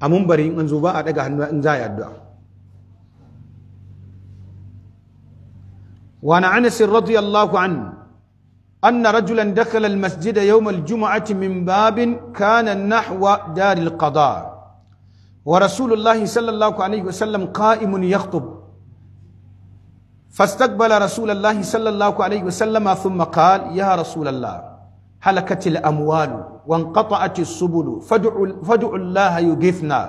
amun bari in an zo ba a daga hannu in za a addu'a wa na anas radiyallahu an أن رجلا دخل المسجد يوم الجمعة من باب كان نحو دار القضاء ورسول الله صلى الله عليه وسلم قائم يخطب فاستقبل رسول الله صلى الله عليه وسلم ثم قال يا رسول الله halakatil amwalu وانقطعت السبل فادعوا فادعوا الله يغيثنا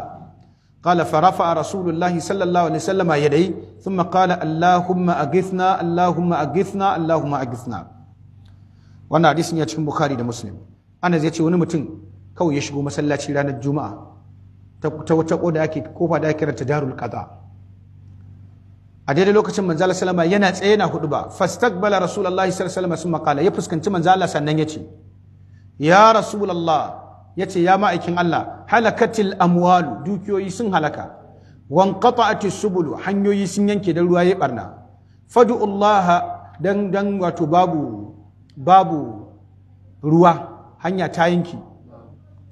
قال فرفع رسول الله صلى الله عليه وسلم يديه ثم قال اللهم اغثنا اللهم اغثنا اللهم اغثنا wannan hadisin ya cikin bukhari da muslim anas ya ce wani mutum kawai ya shigo masallaci ranar juma'a ta wata koda ake kofa da ake ta darul qada a daidai lokacin manzo Allah yana tsaye yana hudu ba fastaqbala rasulullahi sallallahu alaihi wasallam makala ya fuskanci manzo Allah sannan yace ya rasulullah yace ya ma'aikin Allah halakatil amwalu dukiyoyi sun halaka wanqata'atis subulu hanyoyi sun yanke da ruwa ya barna fad'ullaha dan dan wato babu ruwa hanya ta yanki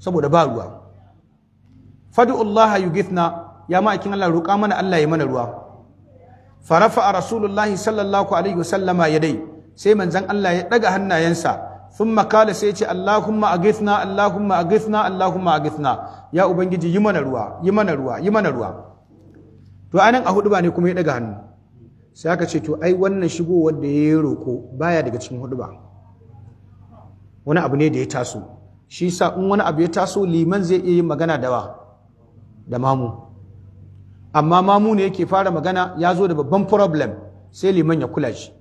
saboda ba ruwa fad'ullaha yugithna ya ma'aikin Allah roƙa mana Allah ya mana ruwa farafa a rasulullahi sallallahu alaihi wasallama dai sai manzan Allah ya daga hannayensa sun makala sai ce allahumma قال allahumma اللهم allahumma اللهم ya ubangiji yi mana ruwa yi mana ruwa yi mana ruwa. to anan a hudu ba ne kuma ya daga hannu sai aka ce to ai wannan shigo da ya yi roko baya daga cikin hudu ba wani abu ne da ya taso shi sa in wani abu ya taso liman zai iya yin magana da wa da mamu amma mamu ne yake fara magana ya zo da babban problem sai liman ya kula shi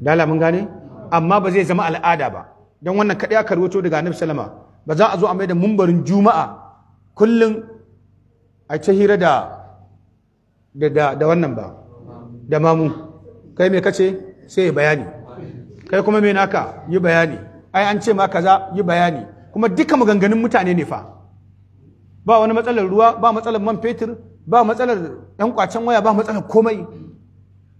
dala mun gane amma ba zai zama al'ada ba don wannan kaɗai aka rwato daga annabi salama ba za a zo a mai da mumbarin juma'a kullum a ta hira da wannan ba da mamu kai me kace sai ya bayani kai kuma me naka yi bayani ai an ce ma kaza yi bayani kuma duka maganganun mutane ne fa ba wani matsalar ruwa ba matsalar man fetur ba matsalar ɗan kwacen waya ba matsalar komai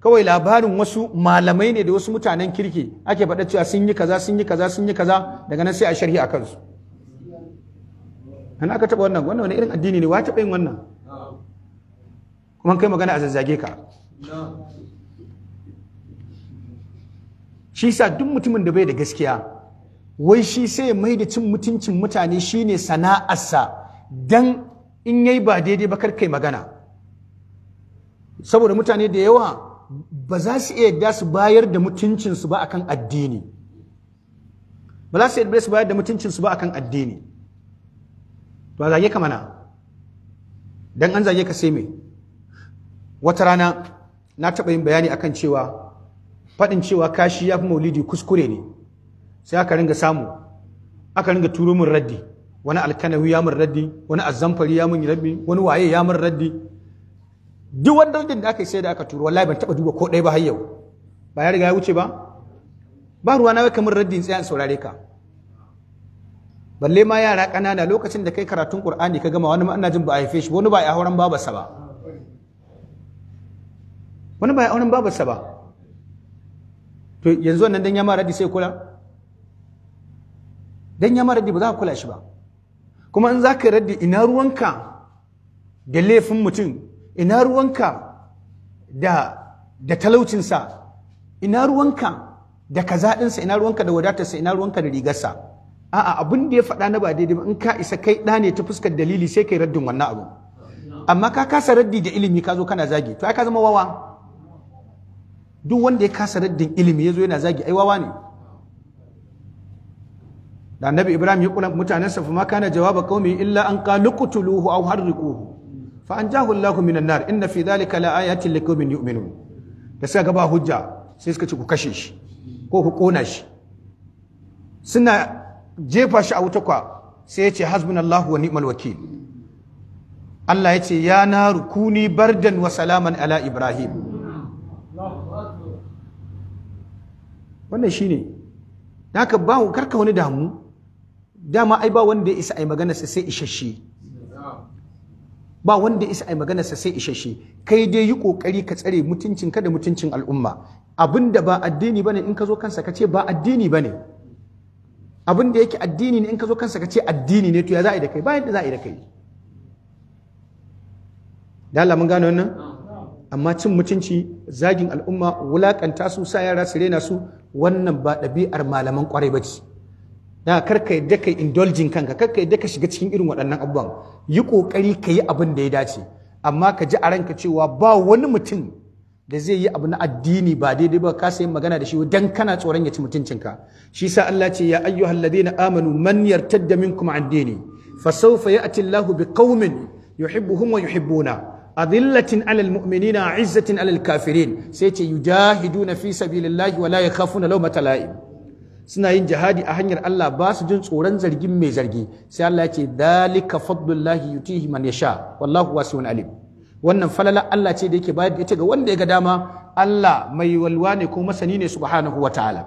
kawai labarin wasu malamai ne da wasu mutanen kirki ake faɗa cewa sun yi kaza sun yi kaza sun yi kaza daga nan sai a sharhi a kansu ana aka taɓa wannan wannan wani irin addini ne wa taɓa yin wannan kuma kai magana a zazzage ka shi sa duk mutumin da bai da gaskiya wai shi sai mai da cin mutuncin mutane shine sana'arsa dan in yayi ba daidai ba kar kai magana saboda mutane da yawa ba za su iya yadda su bayar da mutuncinsu ba akan addini ba za su iya su bayar da mutuncinsu ba akan addini ba a zage ka mana don an zage ka sai me wata rana na taɓa yin bayani akan cewa faɗin cewa kashi ya fi maulidi kuskure ne sai aka ringa samu aka ringa turo min raddi wani alkanawi ya mun raddi wani Azamfari ya mun raddi wani waye ya mun raddi duk wanda din da aka sai da aka turo wallahi ban taba duba ko ɗaya ba har yau ba ya riga ya wuce ba ba ruwa na kamar in tsaya in saurare ka balle ma yara ƙanana lokacin da kai karatun Qur'ani ka gama wani ma ina jin ba a haife shi wani ba ya auren babarsa ba wani ba ya auren babarsa ba to yanzu wannan dan ya ma raddi sai kula dan ya ma raddi ba za ka kula shi ba kuma in za ka raddi ina ruwanka da laifin mutum ina ruwanka da talaucinsa ina ruwanka da kazaɗinsa ina ruwanka da wadatarsa ina ruwanka da rigarsa a'a abin da ya faɗa na ba daidai ba in ka isa kai ɗa ne ta fuskar dalili sai kai raddin wannan abu amma ka kasa raddi da ilimi ka zo kana zagi to ai ka zama wawa duk wanda ya kasa raddin ilimi ya zo yana zagi ai wawa ne da annabi ibrahim ya kula mutanensa fa ma kana jawaba qaumi illa an qalu qutuluhu aw harriquhu fa anjahu allah minan nar inna fi dhalika la ayatin liqaumin yu'minun da suka ga ba hujja sai suka ce ku kashe shi ko ku kona shi suna jefa shi a wuta kwa sai ya ce hasbunallahu wa ni'mal wakil Allah ya ce ya naru kuni bardan wa salaman ala ibrahim wannan shine naka ba karka wani damu dama ai ba wanda ya isa ai magana sa sai isasshe ba wanda ya isa ai magana sa sai isasshe kai dai yi kokari ka tsare mutuncin ka da mutuncin al'umma abinda ba addini bane in ka zo kansa ka ce ba addini bane abin da yake addini ne in ka zo kansa ka ce addini ne to ya za a yi da kai ba yadda za a yi da kai da Allah mun gane wannan amma cin mutunci zagin al'umma wulakanta su sa yara su rena su wannan ba ɗabi'ar malaman kwarai ba ce da karka yadda kai indulging kanka karka yadda ka shiga cikin irin waɗannan abubuwan yi kokari ka yi abin da ya dace amma ka ji a ranka cewa ba wani mutum da zai yi abu na addini ba daidai ba ka yin magana da shi dan kana tsoron ya ci mutuncinka shi sa Allah ce ya ayyuhal ladina amanu man yartadda minkum an dini fa sawfa ya'ti Allahu biqaumin yuhibbuhum wa yuhibbuna adillatin alal mu'minina izzatin alal kafirin sai ce yujahiduna fi sabilillahi wa la yakhafuna lawmata la'im suna yin jihadi a hanyar Allah ba su jin tsoron zargin mai zargi sai Allah ya ce dalika fadlullahi yutihi man yasha wallahu wasi'un alim wannan falala Allah ce da yake bayar da ita ga wanda ya ga dama Allah mai walwa ne ko masani ne subhanahu wataala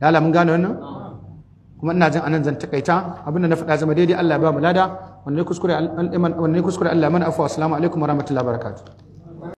lala mun gane wannan kuma ina jin anan zan takaita abinda na faɗa zama daidai Allah ya ba mu lada wannan kuskure wannan kuskure Allah mana afwa assalamu alaikum wa wabarakatuh